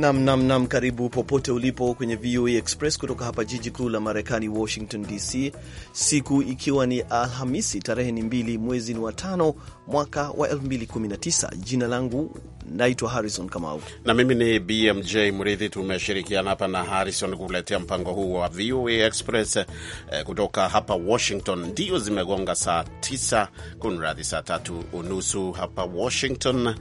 Nam, nam, nam, karibu popote ulipo kwenye VOA Express kutoka hapa jiji kuu la Marekani, Washington DC, siku ikiwa ni Alhamisi, tarehe ni mbili mwezi ni wa tano mwaka wa 2019. Jina langu naitwa Harrison Kamau na mimi ni BMJ Mridhi. Tumeshirikiana hapa na Harrison kukuletea mpango huu wa VOA Express eh, kutoka hapa Washington. Ndio zimegonga saa 9 kunradhi, saa tatu unusu hapa Washington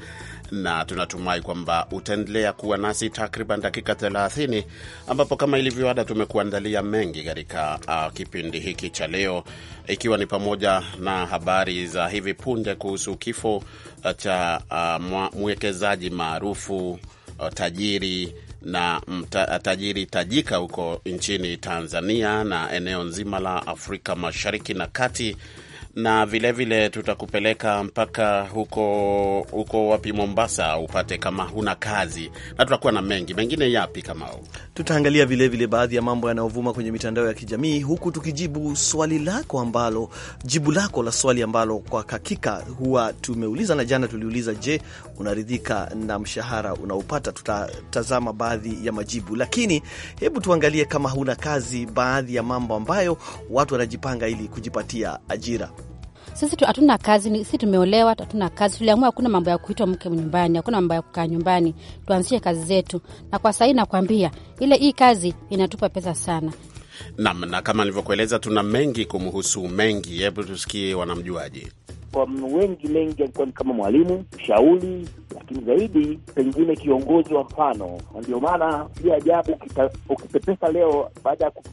na tunatumai kwamba utaendelea kuwa nasi takriban dakika 30 ambapo kama ada tumekuandalia mengi katika uh, kipindi hiki cha leo, ikiwa ni pamoja na habari za hivi punde kuhusu kifo cha uh, mwekezaji maarufu tajiri na mta, tajiri tajika huko nchini Tanzania na eneo nzima la Afrika Mashariki na Kati na vilevile vile tutakupeleka mpaka huko huko wapi, Mombasa, upate kama huna kazi, na tutakuwa na mengi mengine yapi kama huu. Tutaangalia vilevile baadhi ya mambo yanayovuma kwenye mitandao ya kijamii, huku tukijibu swali lako ambalo jibu lako la swali ambalo kwa hakika huwa tumeuliza, na jana tuliuliza, je, unaridhika na mshahara unaopata? Tutatazama baadhi ya majibu, lakini hebu tuangalie kama huna kazi, baadhi ya mambo ambayo watu wanajipanga ili kujipatia ajira. Sisi hatuna kazi, sisi tumeolewa, hatuna kazi. Tuliamua hakuna mambo ya kuitwa mke nyumbani, hakuna mambo ya kukaa nyumbani, tuanzishe kazi zetu. Na kwa sahii nakwambia, ile hii kazi inatupa pesa sana. Naam, na kama nilivyokueleza, tuna mengi kumhusu Mengi. Hebu tusikie wanamjuaje kwa wengi mengi alikuwa ni kama mwalimu mshauri, lakini zaidi pengine kiongozi wa mfano. Na ndio maana si ajabu ukipepesa leo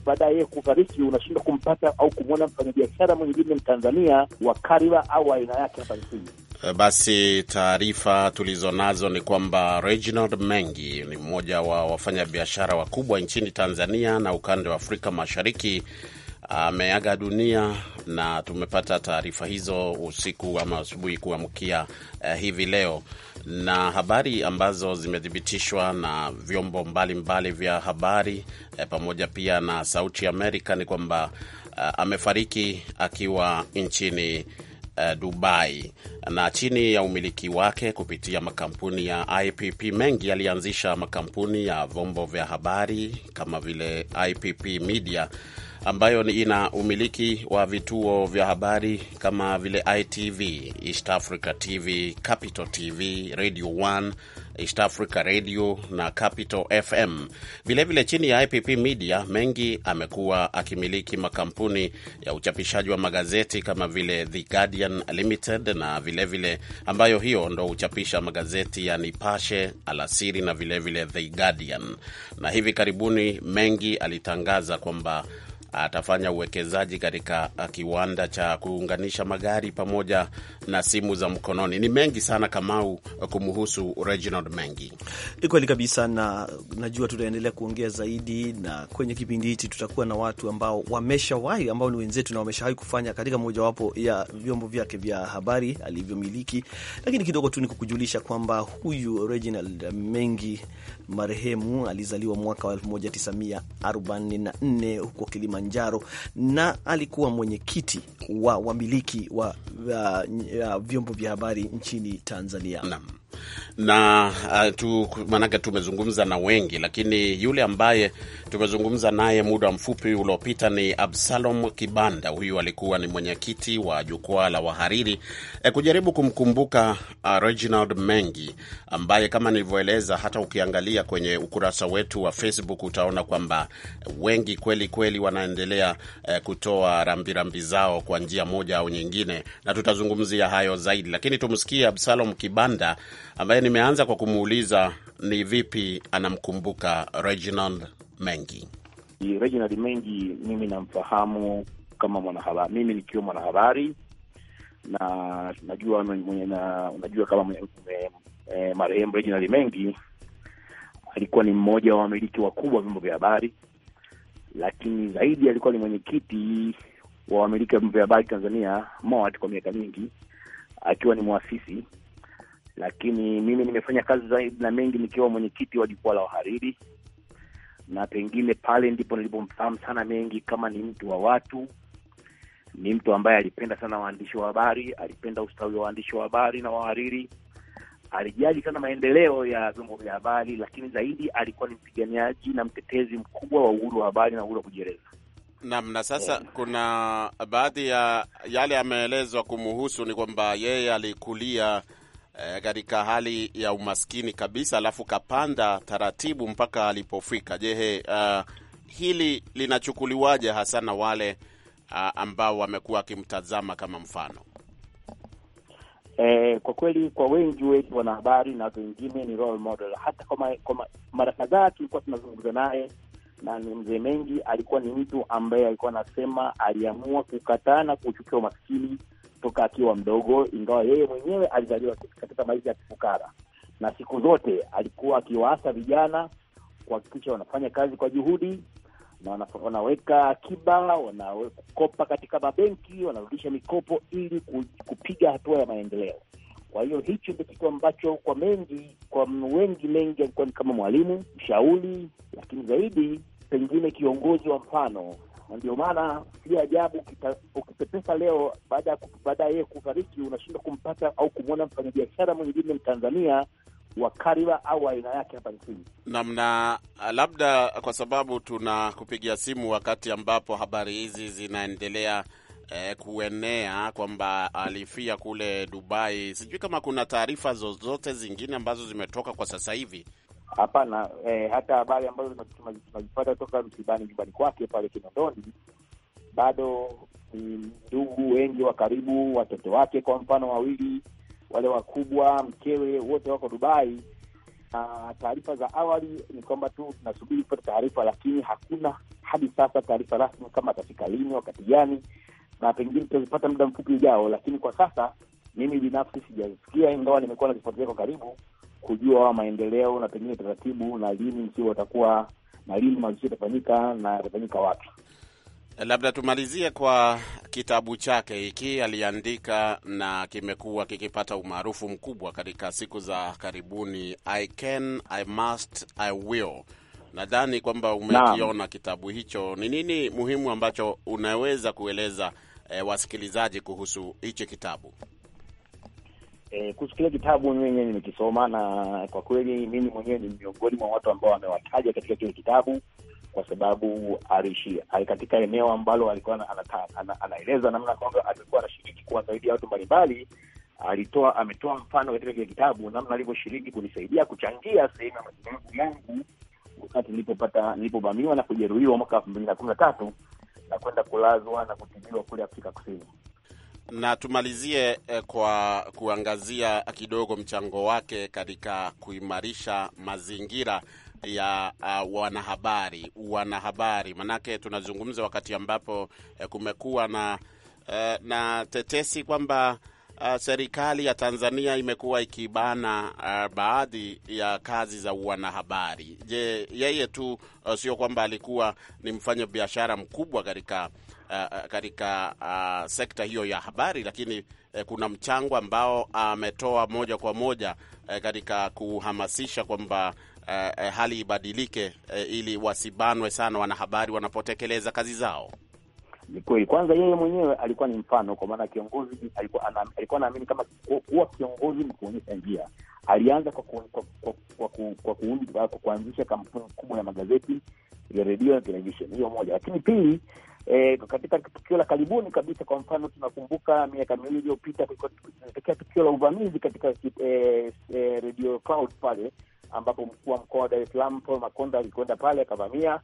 baada ya yeye kufariki, unashindwa kumpata au kumwona mfanyabiashara mwingine Mtanzania wa kariba au aina yake hapa nchini. Eh, basi taarifa tulizonazo ni kwamba Reginald Mengi ni mmoja wa wafanyabiashara wakubwa nchini Tanzania na ukanda wa Afrika Mashariki ameaga dunia, na tumepata taarifa hizo usiku ama asubuhi kuamkia eh, hivi leo, na habari ambazo zimethibitishwa na vyombo mbalimbali mbali vya habari eh, pamoja pia na Sauti Amerika ni kwamba eh, amefariki akiwa nchini eh, Dubai na chini ya umiliki wake kupitia makampuni ya IPP mengi. Alianzisha makampuni ya vyombo vya habari kama vile IPP Media ambayo ina umiliki wa vituo vya habari kama vile ITV, East Africa TV, Capital TV, Radio 1, East Africa Radio na Capital FM. Vilevile vile chini ya IPP Media mengi amekuwa akimiliki makampuni ya uchapishaji wa magazeti kama vile The Guardian Limited na vilevile vile ambayo hiyo ndo huchapisha magazeti ya Nipashe, Alasiri na vilevile vile The Guardian, na hivi karibuni mengi alitangaza kwamba atafanya uwekezaji katika uh, kiwanda cha kuunganisha magari pamoja na simu za mkononi. Ni mengi sana Kamau uh, kumhusu Reginald Mengi. Ni kweli kabisa, na najua tutaendelea kuongea zaidi, na kwenye kipindi hichi tutakuwa na watu ambao wameshawahi, ambao ni wenzetu na wameshawahi kufanya katika mojawapo ya vyombo vyake vya habari alivyomiliki. Lakini kidogo tu ni kukujulisha kwamba huyu Reginald Mengi Marehemu alizaliwa mwaka wa 1944 huko Kilimanjaro na alikuwa mwenyekiti wa wamiliki wa, wa, uh, wa uh, vyombo vya habari nchini Tanzania. Naam na uh, tu, maanake tumezungumza na wengi, lakini yule ambaye tumezungumza naye muda mfupi uliopita ni Absalom Kibanda. Huyu alikuwa ni mwenyekiti wa jukwaa la wahariri e, kujaribu kumkumbuka uh, Reginald Mengi ambaye kama nilivyoeleza, hata ukiangalia kwenye ukurasa wetu wa Facebook utaona kwamba wengi kweli kweli wanaendelea uh, kutoa rambirambi rambi zao kwa njia moja au nyingine, na tutazungumzia hayo zaidi, lakini tumsikie Absalom Kibanda ambaye nimeanza kwa kumuuliza ni vipi anamkumbuka Reginald Mengi. Reginald Mengi mimi namfahamu kama mwanahabari, mimi nikiwa mwanahabari na najua mwenye na, unajua kama eh, marehemu Reginald Mengi alikuwa ni mmoja wa wamiliki wakubwa wa vyombo vya habari, lakini zaidi alikuwa ni mwenyekiti wa wamiliki wa vyombo vya habari Tanzania MOAT kwa miaka mingi, akiwa ni mwasisi lakini mimi nimefanya kazi zaidi na mengi nikiwa mwenyekiti wa jukwaa la wahariri, na pengine pale ndipo nilipomfahamu sana mengi kama ni mtu wa watu, ni mtu ambaye alipenda sana waandishi wa habari, alipenda ustawi wa waandishi wa habari na wahariri, alijali sana maendeleo ya vyombo vya habari, lakini zaidi alikuwa ni mpiganiaji na mtetezi mkubwa wa uhuru wa habari na uhuru wa kujieleza. Naam, na sasa yeah. Kuna baadhi ya yale yameelezwa kumuhusu ni kwamba yeye alikulia Eh, katika hali ya umaskini kabisa, alafu kapanda taratibu mpaka alipofika. Je, uh, hili linachukuliwaje hasa na wale uh, ambao wamekuwa wakimtazama kama mfano? Eh, kwa kweli kwa wengi wetu wanahabari na wengine ni role model. Hata kwa mara kadhaa tulikuwa tunazungumza naye na ni mzee Mengi, alikuwa ni mtu ambaye alikuwa anasema aliamua kukataa na kuchukia umaskini toka akiwa mdogo, ingawa yeye mwenyewe alizaliwa katika maisha ya kifukara, na siku zote alikuwa akiwaasa vijana kuhakikisha wanafanya kazi kwa juhudi na wanaweka akiba, wanakopa katika mabenki, wanarudisha mikopo ili kupiga hatua ya maendeleo. Kwa hiyo hicho ndio kitu ambacho kwa mengi, kwa wengi mengi alikuwa ni kama mwalimu, mshauri, lakini zaidi pengine kiongozi wa mfano na ndio maana si ajabu ukipepesa leo baada ya baada yeye kufariki, unashindwa kumpata au kumwona mfanyabiashara mwingine Mtanzania wa kariba au aina yake hapa nchini. Namna uh, labda kwa sababu tuna kupigia simu wakati ambapo habari hizi zinaendelea eh, kuenea kwamba alifia kule Dubai. Sijui kama kuna taarifa zozote zingine ambazo zimetoka kwa sasa hivi Hapana, eh, hata habari ambazo tunazipata toka msibani nyumbani kwake pale Kinondoni, bado ndugu mm, wengi wa karibu, watoto wake kwa mfano wawili wale wakubwa, mkewe, wote wako Dubai. na taarifa za awali ni kwamba tu tunasubiri kupata taarifa, lakini hakuna hadi sasa taarifa rasmi kama atafika lini, wakati gani, na pengine tutazipata muda mfupi ujao. Lakini kwa sasa mimi binafsi sijasikia, ingawa nimekuwa nakifuatilia kwa karibu kujua wa maendeleo na pengine taratibu na lini sio watakuwa na lini mazishi yatafanyika na yatafanyika wapi. Labda tumalizie kwa kitabu chake hiki aliandika na kimekuwa kikipata umaarufu mkubwa katika siku za karibuni, I Can, I Must, I Will. Nadhani kwamba umekiona na kitabu hicho. Ni nini muhimu ambacho unaweza kueleza eh, wasikilizaji kuhusu hichi kitabu? e, kuhusu kile kitabu mimi mwenyewe nimekisoma, na kwa kweli mimi mwenyewe ni miongoni mwa watu ambao amewataja katika kile kitabu, kwa sababu alishi katika eneo ambalo alikuwa anaeleza namna kwamba alikuwa anashiriki ya watu mbalimbali. Alitoa, ametoa mfano katika kile kitabu namna alivyoshiriki kunisaidia kuchangia sehemu ya matibabu yangu wakati nilipopata nilipovamiwa na kujeruhiwa mwaka elfu mbili na kumi na tatu na kwenda kulazwa na kutibiwa kule Afrika Kusini na tumalizie eh, kwa kuangazia kidogo mchango wake katika kuimarisha mazingira ya uh, wanahabari wanahabari, manake tunazungumza wakati ambapo eh, kumekuwa na eh, na tetesi kwamba uh, serikali ya Tanzania imekuwa ikibana uh, baadhi ya kazi za wanahabari. Je, yeye tu uh, sio kwamba alikuwa ni mfanya biashara mkubwa katika uh, katika uh, sekta hiyo ya habari, lakini uh, kuna mchango ambao ametoa uh, moja kwa moja uh, katika kuhamasisha kwamba uh, uh, hali ibadilike uh, ili wasibanwe sana wanahabari wanapotekeleza kazi zao. Ni kweli. Kwanza yeye mwenyewe alikuwa ni mfano, kwa maana kiongozi alikuwa anaamini kama kuwa kiongozi ni kuonyesha njia. Alianza kwa kuanzisha kampuni kubwa ya magazeti ya redio na televisheni, hiyo moja. Lakini pili, E, katika tukio la karibuni kabisa, kwa mfano tunakumbuka miaka miwili iliyopita kulitokea tukio la uvamizi katika e, e, Radio Cloud pale ambapo mkuu wa mkoa wa Dar es Salaam Paul Makonda alikwenda pale akavamia,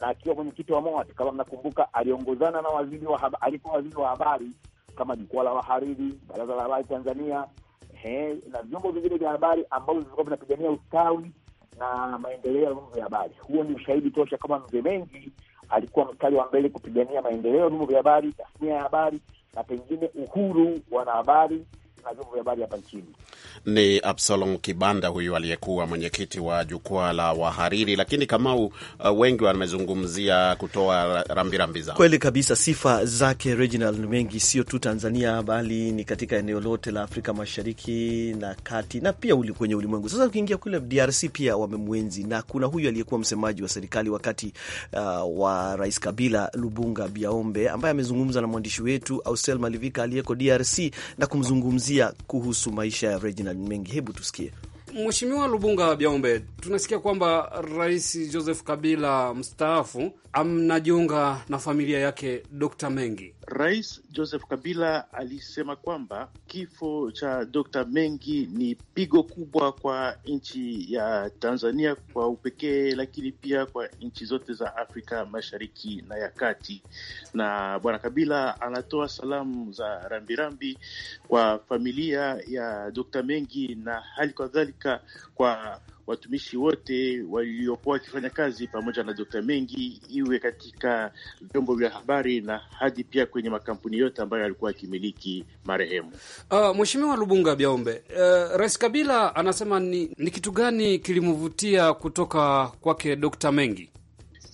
na akiwa mwenyekiti wa MOAT kama mnakumbuka, aliongozana na waziri wa alikuwa waziri wa habari kama jukwaa la wahariri, baraza la habari Tanzania he, na vyombo vingine vya habari ambavyo vilikuwa vinapigania ustawi na maendeleo ya vyombo vya habari. Huo ni ushahidi tosha kama Mzee Mengi alikuwa mstari wa mbele kupigania maendeleo ya vyombo vya habari, tasnia ya habari na pengine uhuru wanahabari na vyombo vya habari hapa nchini. Ni Absalom Kibanda huyu aliyekuwa mwenyekiti wa jukwaa la wahariri. Lakini Kamau, uh, wengi wamezungumzia kutoa rambirambi zao. Kweli kabisa, sifa zake Reginald ni mengi, sio tu Tanzania bali ni katika eneo lote la Afrika Mashariki na Kati na pia uli kwenye ulimwengu. Sasa ukiingia kule DRC pia wamemwenzi, na kuna huyu aliyekuwa msemaji wa serikali wakati uh, wa Rais Kabila, Lubunga Biaombe, ambaye amezungumza na mwandishi wetu Austel Malivika aliyeko DRC na kumzungumzia kuzungumzia kuhusu maisha ya Reginald Mengi. Hebu tusikie. Mheshimiwa Lubunga Biaombe, tunasikia kwamba Rais Joseph Kabila mstaafu amnajiunga na familia yake Dr. Mengi. Rais Joseph Kabila alisema kwamba kifo cha Dr. Mengi ni pigo kubwa kwa nchi ya Tanzania kwa upekee, lakini pia kwa nchi zote za Afrika Mashariki na ya Kati. Na Bwana Kabila anatoa salamu za rambirambi kwa familia ya Dr. Mengi na hali kadhalika kutumika kwa watumishi wote waliokuwa wakifanya kazi pamoja na Dokta Mengi, iwe katika vyombo vya habari na hadi pia kwenye makampuni yote ambayo alikuwa akimiliki marehemu. Uh, Mheshimiwa Lubunga Biaombe, uh, Rais Kabila anasema ni, ni kitu gani kilimvutia kutoka kwake Dokta Mengi?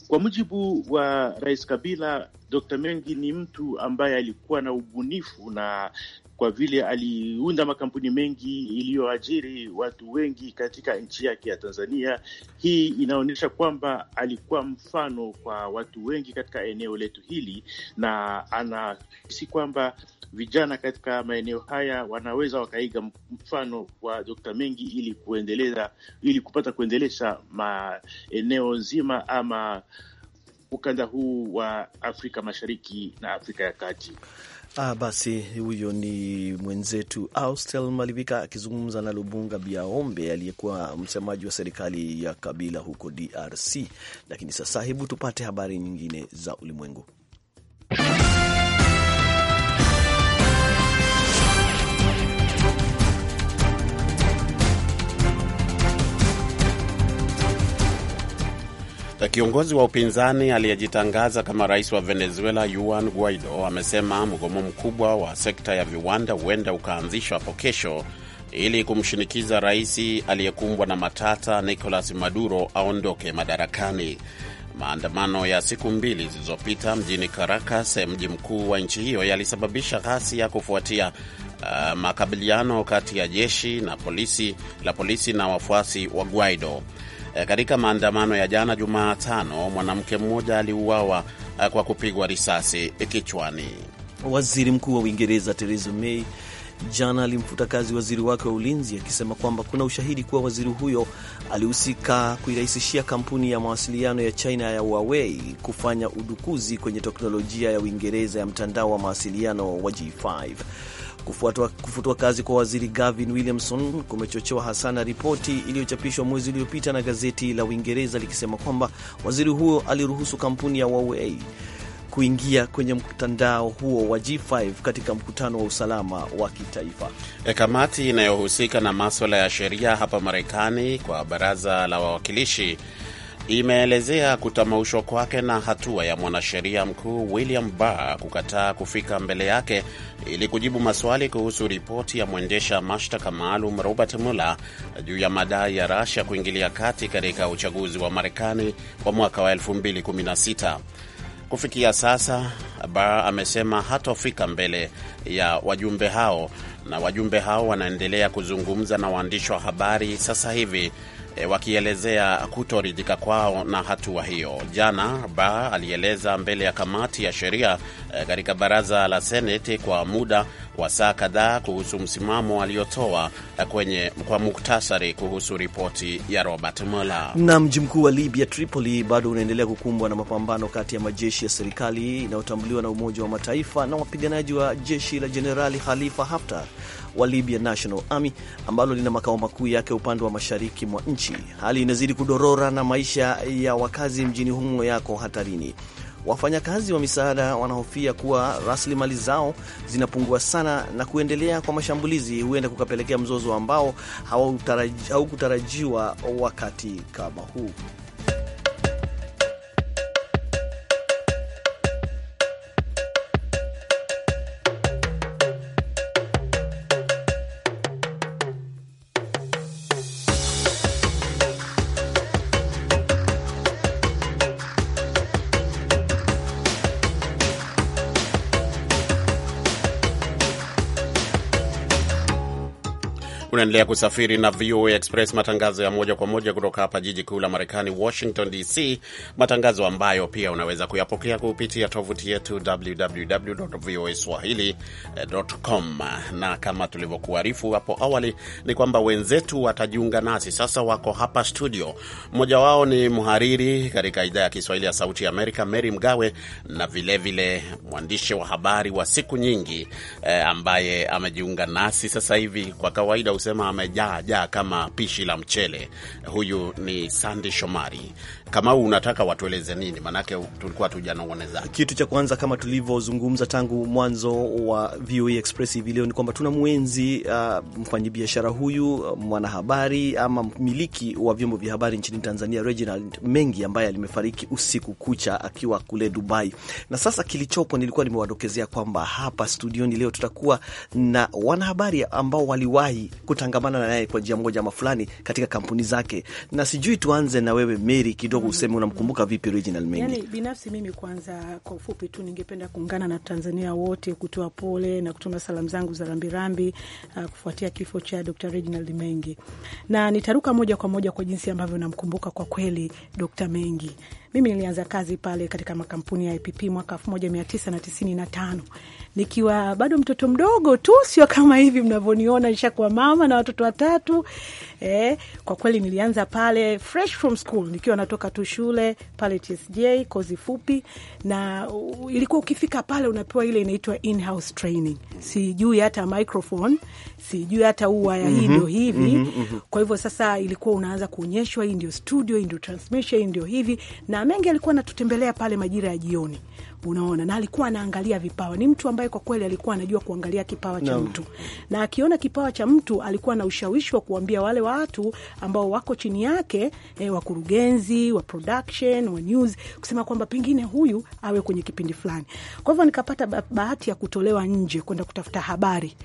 Kwa mujibu wa Rais Kabila, Dokta Mengi ni mtu ambaye alikuwa na ubunifu na kwa vile aliunda makampuni mengi iliyoajiri watu wengi katika nchi yake ya Tanzania. Hii inaonyesha kwamba alikuwa mfano kwa watu wengi katika eneo letu hili, na anahisi kwamba vijana katika maeneo haya wanaweza wakaiga mfano wa Dokta Mengi ili kuendeleza, ili kupata kuendelesha maeneo nzima ama ukanda huu wa Afrika Mashariki na Afrika ya Kati. Ah, basi huyo ni mwenzetu Austel Malivika akizungumza na Lubunga Biaombe aliyekuwa msemaji wa serikali ya Kabila huko DRC. Lakini sasa hebu tupate habari nyingine za ulimwengu. Kiongozi wa upinzani aliyejitangaza kama rais wa Venezuela Juan Guaido amesema mgomo mkubwa wa sekta ya viwanda huenda ukaanzishwa hapo kesho ili kumshinikiza rais aliyekumbwa na matata Nicolas Maduro aondoke madarakani. Maandamano ya siku mbili zilizopita mjini Caracas, mji mkuu wa nchi hiyo, yalisababisha ghasia kufuatia uh, makabiliano kati ya jeshi na polisi, la polisi na wafuasi wa Guaido. Eh, katika maandamano ya jana Jumatano, mwanamke mmoja aliuawa eh, kwa kupigwa risasi kichwani. Waziri Mkuu wa Uingereza Theresa May jana alimfuta kazi waziri wake wa ulinzi akisema kwamba kuna ushahidi kuwa waziri huyo alihusika kuirahisishia kampuni ya mawasiliano ya China ya Huawei kufanya udukuzi kwenye teknolojia ya Uingereza ya mtandao wa mawasiliano wa G5. Kufutwa kazi kwa waziri Gavin Williamson kumechochewa hasa na ripoti iliyochapishwa mwezi uliopita na gazeti la Uingereza likisema kwamba waziri huyo aliruhusu kampuni ya Huawei kuingia kwenye mtandao huo wa G5 katika mkutano wa usalama wa kitaifa. E, kamati inayohusika na maswala ya sheria hapa Marekani kwa baraza la wawakilishi imeelezea kutamaushwa kwake na hatua ya mwanasheria mkuu William Barr kukataa kufika mbele yake ili kujibu maswali kuhusu ripoti ya mwendesha mashtaka maalum Robert Mueller juu ya madai ya Russia kuingilia kati katika uchaguzi wa Marekani wa mwaka wa 2016. Kufikia sasa, Barr amesema hatofika mbele ya wajumbe hao, na wajumbe hao wanaendelea kuzungumza na waandishi wa habari sasa hivi e, wakielezea kutoridhika kwao na hatua hiyo. Jana Ba alieleza mbele ya kamati ya sheria e, katika baraza la Seneti kwa muda wa saa kadhaa kuhusu msimamo aliotoa kwenye kwa muktasari kuhusu ripoti ya Robert Mueller. Na mji mkuu wa Libya Tripoli bado unaendelea kukumbwa na mapambano kati ya majeshi ya serikali inayotambuliwa na Umoja wa Mataifa na wapiganaji wa jeshi la Jenerali Khalifa Haftar wa Libya National Army ambalo lina makao makuu yake upande wa mashariki mwa nchi. Hali inazidi kudorora na maisha ya wakazi mjini humo yako hatarini. Wafanyakazi wa misaada wanahofia kuwa rasilimali zao zinapungua sana na kuendelea kwa mashambulizi huenda kukapelekea mzozo ambao haukutarajiwa wakati kama huu. Unaendelea kusafiri na VOA Express, matangazo ya moja kwa moja kutoka hapa jiji kuu la Marekani, Washington DC, matangazo ambayo pia unaweza kuyapokea kupitia tovuti yetu www voa swahili.com. Na kama tulivyokuarifu hapo awali, ni kwamba wenzetu watajiunga nasi sasa, wako hapa studio. Mmoja wao ni mhariri katika idhaa ya Kiswahili ya Sauti ya Amerika, Mary Mgawe, na vilevile mwandishi wa habari wa siku nyingi eh, ambaye amejiunga nasi sasa hivi kwa kawaida anasema amejaa jaa kama pishi la mchele. Huyu ni Sandi Shomari kama unataka watueleze nini? Maanake tulikuwa tujanong'oneza. Kitu cha kwanza kama tulivyozungumza tangu mwanzo wa VOA e Express hivi leo ni kwamba tuna mwenzi uh, mfanyabiashara huyu uh, mwanahabari ama mmiliki wa vyombo vya habari nchini Tanzania Reginald Mengi ambaye alimefariki usiku kucha akiwa kule Dubai. Na sasa kilichopo, nilikuwa nimewadokezea kwamba hapa studioni leo tutakuwa na wanahabari ambao waliwahi kutangamana naye kwa njia moja ama fulani katika kampuni zake, na sijui tuanze na wewe Mary kidogo kidogo useme unamkumbuka vipi Reginald Mengi? Yani, binafsi mimi kwanza, kwa ufupi tu, ningependa kuungana na Tanzania wote kutoa pole na kutuma salamu zangu za rambirambi uh, kufuatia kifo cha Dr. Reginald Mengi, na nitaruka moja kwa moja kwa jinsi ambavyo namkumbuka kwa kweli Dr. Mengi. Mimi nilianza kazi pale katika makampuni ya IPP mwaka 1995 nikiwa bado mtoto mdogo tu, sio kama hivi mnavyoniona, nishakuwa mama na watoto watatu. Eh, kwa kweli nilianza pale fresh from school, nikiwa natoka tu shule pale TSJ, kozi fupi, na ilikuwa ukifika pale unapewa ile inaitwa in-house training, sijui hata microphone, sijui hata uu waya, hii mhm, ndio hivi. mm -hmm, mm -hmm. Kwa hivyo sasa ilikuwa unaanza kuonyeshwa, hii ndio studio, hii ndio transmission, hii ndio hivi, na mengi alikuwa anatutembelea pale majira ya jioni unaona, na alikuwa anaangalia vipawa. Ni mtu ambaye kwa kweli alikuwa anajua kuangalia kipawa cha no. mtu, na akiona kipawa cha mtu alikuwa na ushawishi wa kuambia wale watu ambao wako chini yake eh, wakurugenzi wa production wa news, kusema kwamba pengine huyu awe kwenye kipindi fulani. Kwa hivyo nikapata bahati ya kutolewa nje kwenda kutafuta habari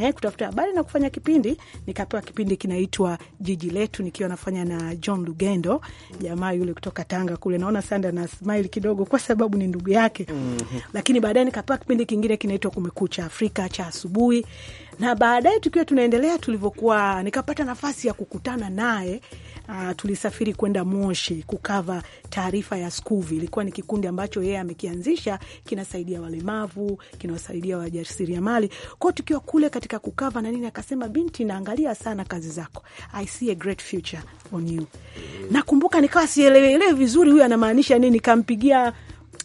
eh, kutafuta habari na kufanya kipindi. Nikapewa kipindi kinaitwa Jiji Letu, nikiwa nafanya na John Lugendo, jamaa yule kutoka Tanga kule. Naona Sanda na smile kidogo kwa sababu ni ndugu yake mm -hmm. Lakini baadaye nikapewa kipindi kingine kinaitwa Kumekucha Afrika cha asubuhi, na baadaye tukiwa tunaendelea tulivyokuwa, nikapata nafasi ya kukutana naye uh, tulisafiri kwenda Moshi kukava taarifa ya SCUVI. Ilikuwa ni kikundi ambacho yeye amekianzisha, kinasaidia walemavu, kinawasaidia wajasiriamali. Kwao tukiwa kule katika kukava na nini, akasema binti, naangalia sana kazi zako, I see a great future on you. Mm. Nakumbuka nikawa sielewelewe vizuri huyu anamaanisha nini, kampigia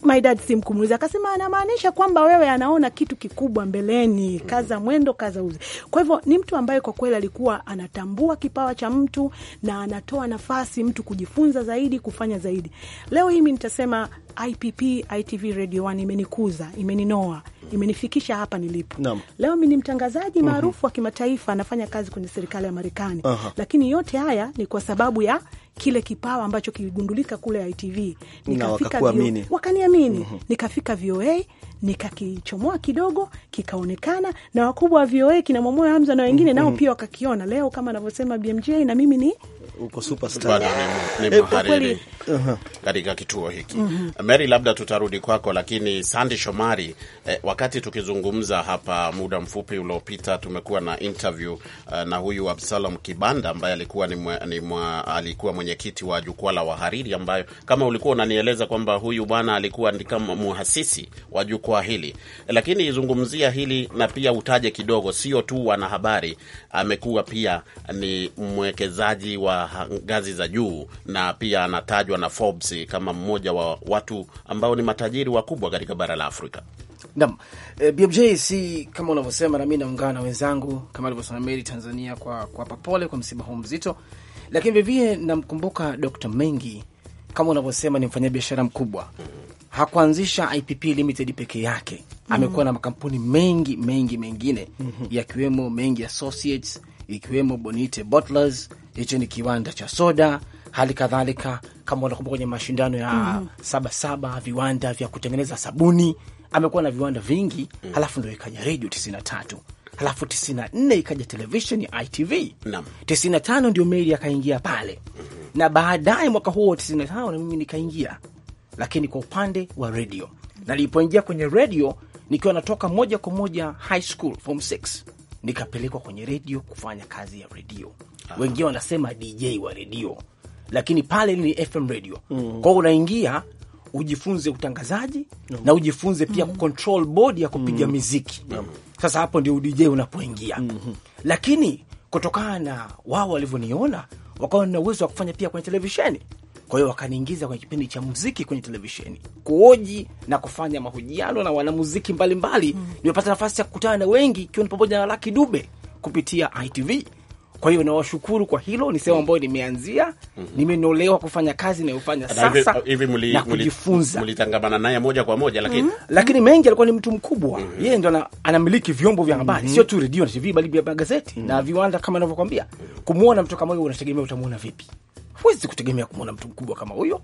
My dad simkumuliza, akasema anamaanisha kwamba wewe anaona kitu kikubwa mbeleni, kaza mwendo, kaza uzi. Kwa hivyo ni mtu ambaye kwa kweli alikuwa anatambua kipawa cha mtu na anatoa nafasi mtu kujifunza zaidi, kufanya zaidi. Leo hii mi nitasema IPP ITV Radio 1 imenikuza, imeninoa, imenifikisha hapa nilipo no. Leo mi ni mtangazaji mhm. maarufu mm -hmm. wa kimataifa, anafanya kazi kwenye serikali ya Marekani uh -huh. Lakini yote haya ni kwa sababu ya kile kipawa ambacho kiligundulika kule ITV nikafika wakaniamini mm -hmm. Nikafika VOA nikakichomoa kidogo kikaonekana na wakubwa wa VOA kina Mwamoyo Hamza na wengine mm -hmm. Nao pia wakakiona leo kama anavyosema BMJ na mimi ni uko superstar ni, ni eh, mhariri uh-huh. katika kituo hiki mm -hmm. Mary, labda tutarudi kwako, lakini Sandi Shomari eh, wakati tukizungumza hapa muda mfupi uliopita tumekuwa na interview uh, na huyu Absalom Kibanda ambaye alikuwa ni mwe, ni mwa, alikuwa mwenyekiti wa jukwaa la wahariri, ambayo kama ulikuwa unanieleza kwamba huyu bwana alikuwa ni kama muhasisi wa jukwaa hili, lakini izungumzia hili na pia utaje kidogo, sio tu wanahabari, amekuwa pia ni mwekezaji wa ngazi za juu, na pia anatajwa na Forbes kama mmoja wa watu ambao ni matajiri wakubwa katika bara la Afrika. Naam, e, eh, BMJ si kama unavyosema, nami naungana na wenzangu kama alivyosema Meri Tanzania kwa kuwapa pole kwa msiba huu mzito, lakini vilevile namkumbuka Dr. Mengi kama unavyosema ni mfanyabiashara mkubwa. Hakuanzisha IPP Limited peke yake, amekuwa mm -hmm. na makampuni mengi mengi mengine mm -hmm. yakiwemo Mengi Associates ikiwemo Bonite Bottlers, hicho ni kiwanda cha soda. Hali kadhalika kama unakumbuka kwenye mashindano ya mm -hmm. Sabasaba, viwanda vya kutengeneza sabuni, amekuwa na viwanda vingi mm -hmm. Halafu ndo ikaja redio 93 halafu 94 ikaja television ya ITV mm -hmm. 95 ndio meli akaingia pale mm -hmm. na baadaye mwaka huo 95 na mimi nikaingia, lakini kwa upande wa redio, na nilipoingia kwenye redio nikiwa natoka moja kwa moja high school form 6 nikapelekwa kwenye redio kufanya kazi ya redio. Ah. Wengine wanasema DJ wa redio, lakini pale ni FM radio mm. Kwao unaingia ujifunze utangazaji mm. na ujifunze pia mm. kucontrol board ya kupiga mm. miziki mm. Sasa hapo ndio udj unapoingia mm -hmm. Lakini kutokana na wao walivyoniona, wakawa na uwezo wa kufanya pia kwenye televisheni kwa hiyo wakaniingiza kwenye kipindi cha muziki kwenye televisheni kuoji na kufanya mahojiano na wanamuziki mbalimbali mm. Nimepata nafasi ya kukutana na wengi, ikiwa ni pamoja na Lucky Dube kupitia ITV. Kwa hiyo nawashukuru kwa hilo. Ni sehemu ambayo nimeanzia mm -hmm. Nimenolewa kufanya kazi inayofanya sasa hivi na kujifunza. Mlitangamana naye moja kwa moja lakini mm -hmm. Lakini mengi alikuwa ni mtu mkubwa mm -hmm. Yeye ndo anamiliki vyombo vya habari mm -hmm. Sio tu redio na TV bali pia magazeti mm -hmm. na viwanda kama ninavyokuambia mm -hmm. Kumwona mtu kama huyo unategemea utamwona vipi? huwezi kutegemea kumwona mtu mkubwa kama huyo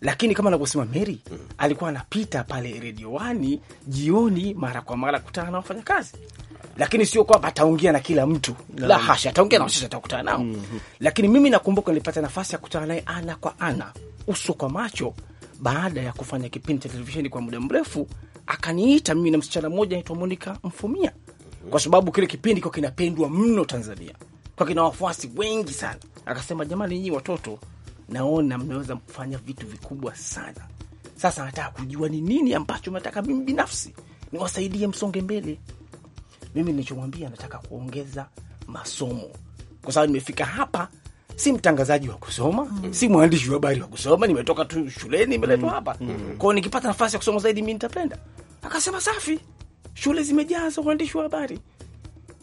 lakini kama anavyosema Mary mm. alikuwa anapita pale redio rediowani jioni mara kwa mara kutana na wafanyakazi, lakini sio kwamba ataongea na kila mtu no. La hasha, ataongea mm. na wachache atakutana nao mm -hmm. Lakini mimi nakumbuka nilipata nafasi ya kutana naye ana kwa ana, uso kwa macho, baada ya kufanya kipindi cha televisheni kwa muda mrefu, akaniita mimi na msichana mmoja anaitwa Monica Mfumia, kwa sababu kile kipindi kwa kinapendwa mno Tanzania, kwa kina wafuasi wengi sana akasema jamani, nyinyi watoto, naona mnaweza kufanya vitu vikubwa sana. Sasa nataka kujua ni nini ambacho nataka mimi binafsi niwasaidie msonge mbele. Mimi nilichomwambia nataka kuongeza masomo, kwa sababu nimefika hapa, si mtangazaji wa kusoma mm. si mwandishi wa habari wa kusoma, nimetoka tu shuleni, imeletwa mm. hapa mm. kwao, nikipata nafasi ya kusoma zaidi mi nitapenda. Akasema safi, shule zimejaza waandishi wa habari.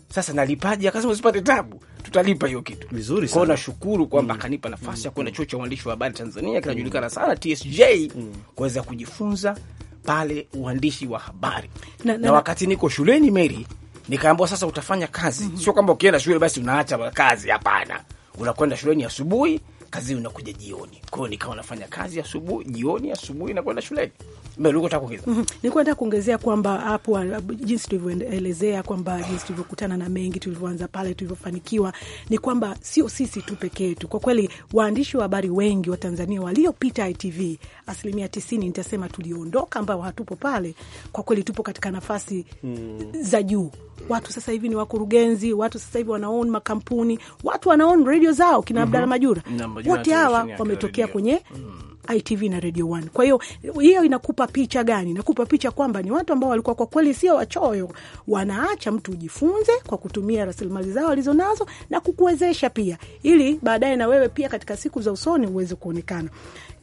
Sasa nalipaje? Akasema usipate tabu tutalipa hiyo kitu vizuri sana. Nashukuru kwamba mm. akanipa nafasi mm. ya kwenda mm. chuo cha uandishi wa habari Tanzania mm. kinajulikana sana TSJ mm. kuweza kujifunza pale uandishi wa habari na, na, na wakati niko shuleni Meri nikaambiwa sasa utafanya kazi mm -hmm. Sio kwamba ukienda shule basi unaacha kazi, hapana. Unakwenda shuleni asubuhi kazi unakuja jioni. Kwa hiyo nikawa nafanya kazi asubuhi, jioni, asubuhi nakwenda shuleni. Mhm. Nilikuwa nataka kuongezea kwamba hapo uh, jinsi tulivyoelezea kwamba jinsi tulivyokutana na mengi tulivyoanza pale tulivyofanikiwa ni kwamba sio sisi tu peke yetu. Kwa kweli waandishi wa habari wengi wa Tanzania waliopita ITV asilimia tisini nitasema tuliondoka, ambao hatupo pale, kwa kweli tupo katika nafasi mm. za juu. Watu sasa hivi ni wakurugenzi, watu sasa hivi wanaown makampuni, watu wanaon redio zao, kina mm -hmm. Abdala Majura, wote hawa wametokea kwenye mm. ITV na Radio 1. Kwa hiyo hiyo inakupa picha gani? Inakupa picha kwamba ni watu ambao walikuwa kwa kweli sio wachoyo, wanaacha mtu ujifunze kwa kutumia rasilimali zao walizonazo na kukuwezesha pia, ili baadaye na wewe pia katika siku za usoni uweze kuonekana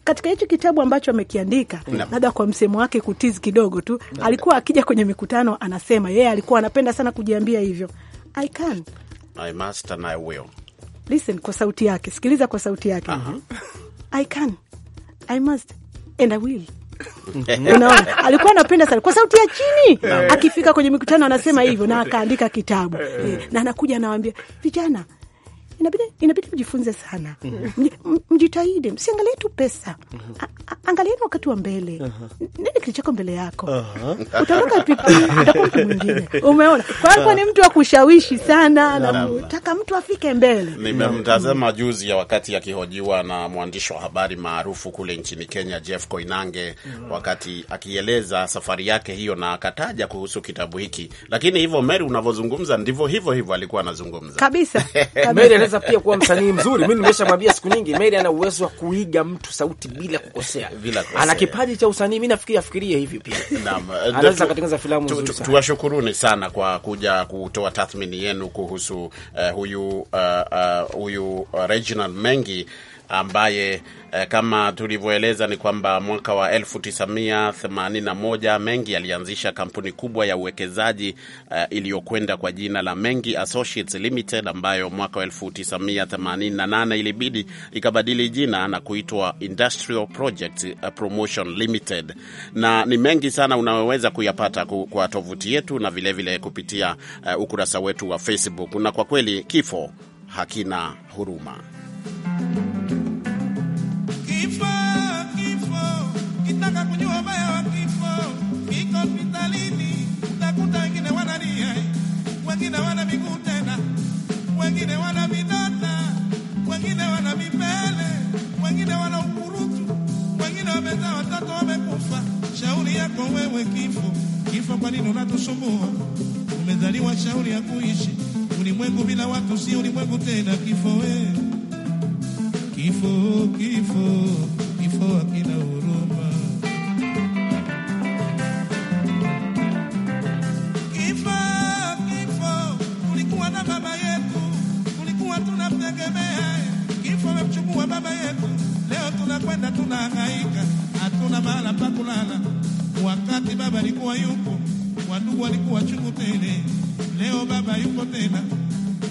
katika hicho kitabu ambacho amekiandika, labda kwa msemo wake kutizi kidogo tu, alikuwa akija kwenye mikutano anasema yeye, yeah, alikuwa anapenda sana kujiambia hivyo, I can, I must and I will. Listen kwa sauti yake, sikiliza kwa sauti yake. uh -huh. I can, I must and I will. Unaona, alikuwa anapenda sana kwa sauti ya chini, akifika kwenye mikutano anasema hivyo, na akaandika kitabu eh. na anakuja anawambia vijana inabidi, inabidi mjifunze sana mm -hmm. Mjitahidi, msiangalie tu pesa mm -hmm. Angalieni wakati wa mbele uh -huh. Nini kilichoko mbele yako uh -huh. Utatoka pipi, atakuwa mtu mwingine. Umeona, kwako ni mtu wa kushawishi sana na, na mtu afike mbele. Nimemtazama juzi ya wakati akihojiwa na mwandishi wa habari maarufu kule nchini Kenya Jeff Koinange mm. wakati akieleza safari yake hiyo na akataja kuhusu kitabu hiki, lakini hivyo Meri unavyozungumza ndivyo hivyo hivyo alikuwa anazungumza kabisa, kabisa anaweza pia kuwa msanii mzuri. Mimi nimeshamwambia siku nyingi, Mary ana uwezo wa kuiga mtu sauti bila kukosea, bila kukosea. Ana kipaji cha usanii, mimi nafikiri afikirie hivi pia. Naam, anaweza eh, kutengeneza filamu nzuri sana. Tuwashukuruni sana kwa kuja kutoa tathmini yenu kuhusu uh, huyu uh, uh, huyu Reginald Mengi ambaye eh, kama tulivyoeleza ni kwamba mwaka wa 1981 Mengi alianzisha kampuni kubwa ya uwekezaji eh, iliyokwenda kwa jina la Mengi Associates Limited ambayo mwaka wa 1988 ilibidi ikabadili jina na kuitwa Industrial Project eh, Promotion Limited, na ni mengi sana unaweza kuyapata kwa tovuti yetu na vilevile vile kupitia eh, ukurasa wetu wa Facebook, na kwa kweli kifo hakina huruma. wengine wana vidata, wengine wana mipele, wengine wana ukurutu, wengine wamezaa watoto wamekufa. Shauri yako wewe kifo, kifo, kwa nini unatusumbua? Umezaliwa shauri ya kuishi ulimwengu bila watu, si ulimwengu tena. Kifo we, kifo, kifo, kifo akina alikuwa yupo, wandugu walikuwa chungu tele. Leo baba yupo tena,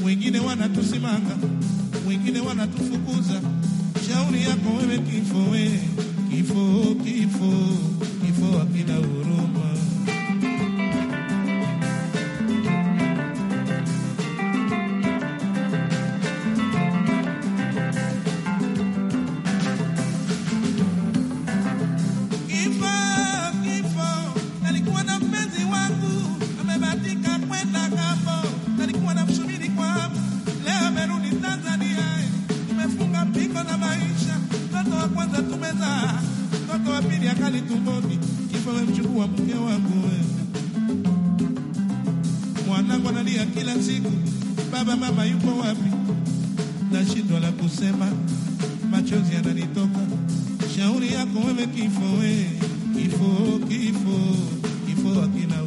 wengine wanatusimanga, wengine wanatufukuza. Shauri yako wewe, kifo we, kifo, kifo, kifo akina huruma. ifo we ifo kifo eh, ifo akina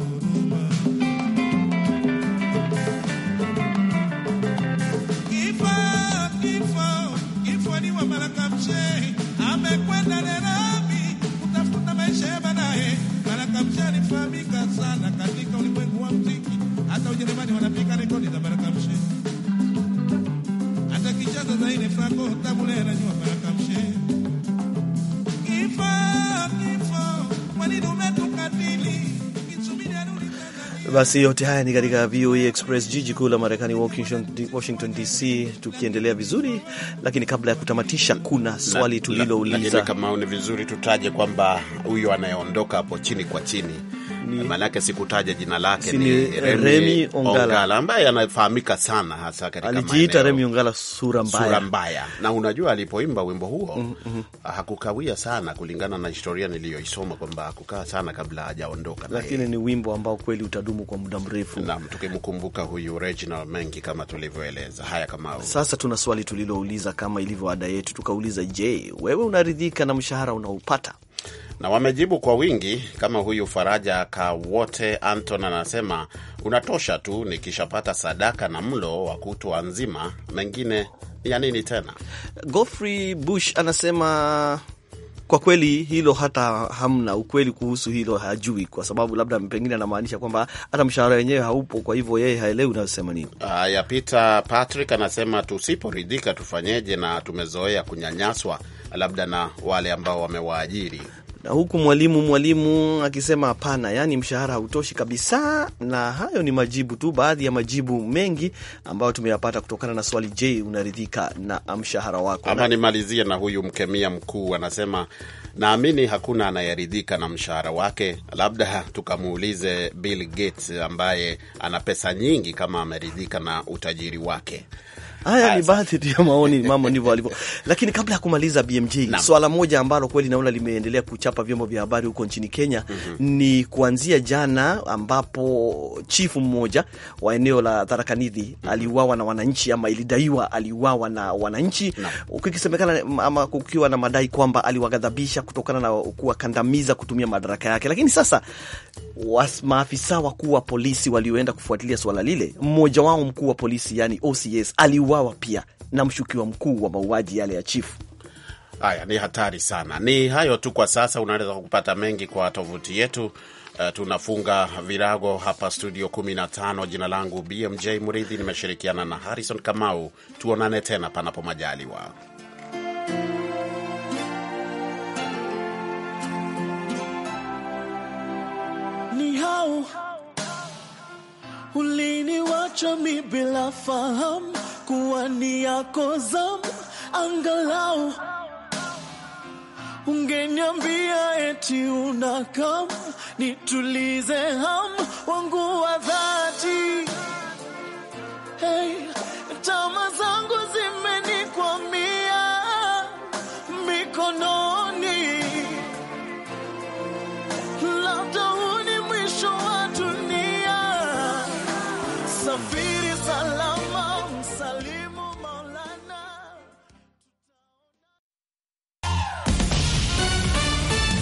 Basi yote haya ni katika VOA Express, jiji kuu la Marekani, Washington DC, tukiendelea vizuri. Lakini kabla ya kutamatisha, kuna swali tulilouliza. Kama ni vizuri tutaje kwamba huyo anayeondoka hapo chini kwa chini maanake sikutaja jina lake, ni Remi Ongala ambaye anafahamika sana hasa katika alijiita Remi Ongala sura mbaya, sura mbaya. Na unajua alipoimba wimbo huo mm -hmm. hakukawia sana, kulingana na historia niliyoisoma kwamba hakukaa sana kabla hajaondoka, lakini ni wimbo ambao kweli utadumu kwa muda mrefu, na tukimkumbuka huyu Reginald Mengi kama tulivyoeleza. Haya, kama sasa tuna swali tulilouliza kama ilivyo ada yetu, tukauliza je, wewe unaridhika na mshahara unaopata? na wamejibu kwa wingi, kama huyu Faraja Kawote Anton anasema unatosha tu, nikishapata sadaka na mlo wa kutwa nzima, mengine ya nini tena? Godfrey Bush anasema kwa kweli hilo hata hamna ukweli kuhusu hilo, hajui kwa sababu labda pengine anamaanisha kwamba hata mshahara wenyewe haupo, kwa hivyo yeye haelewi unayosema nini. Haya, Peter Patrick anasema tusiporidhika tufanyeje? Na tumezoea kunyanyaswa labda na wale ambao wamewaajiri na huku mwalimu mwalimu akisema hapana, yaani mshahara hautoshi kabisa. Na hayo ni majibu tu, baadhi ya majibu mengi ambayo tumeyapata kutokana na swali, je, unaridhika na mshahara wako? Ama nimalizie na huyu mkemia mkuu anasema, naamini hakuna anayeridhika na mshahara wake, labda tukamuulize Bill Gates ambaye ana pesa nyingi kama ameridhika na utajiri wake. Haya ni baadhi tu ya maoni, mambo ndivyo alivyo. Lakini kabla ya kumaliza BMJ swala moja ambalo kweli naona limeendelea kuchapa vyombo vya habari huko nchini Kenya mm -hmm. ni kuanzia jana ambapo chifu mmoja wa eneo la Tharaka Nithi mm -hmm. aliuawa na wananchi ama ilidaiwa aliuawa na wananchi ukikisemekana ama kukiwa na madai kwamba aliwaghadhabisha kutokana na kuwakandamiza kutumia madaraka yake, lakini sasa was, maafisa wakuu wa polisi walioenda kufuatilia swala lile, mmoja wao mkuu wa polisi yani OCS aliuawa aliuawa pia na mshukiwa mkuu wa mauaji yale ya chifu. Haya ni hatari sana. Ni hayo tu kwa sasa. Unaweza kupata mengi kwa tovuti yetu. Uh, tunafunga virago hapa studio 15. Jina langu BMJ Muridhi, nimeshirikiana na Harrison Kamau. Tuonane tena panapo majaliwa. Uliniwacha mi bila fahamu kuwa ni yako zamu, angalau ungeniambia eti una kam, nitulize hamu wangu wa dhati. Hey, tama zangu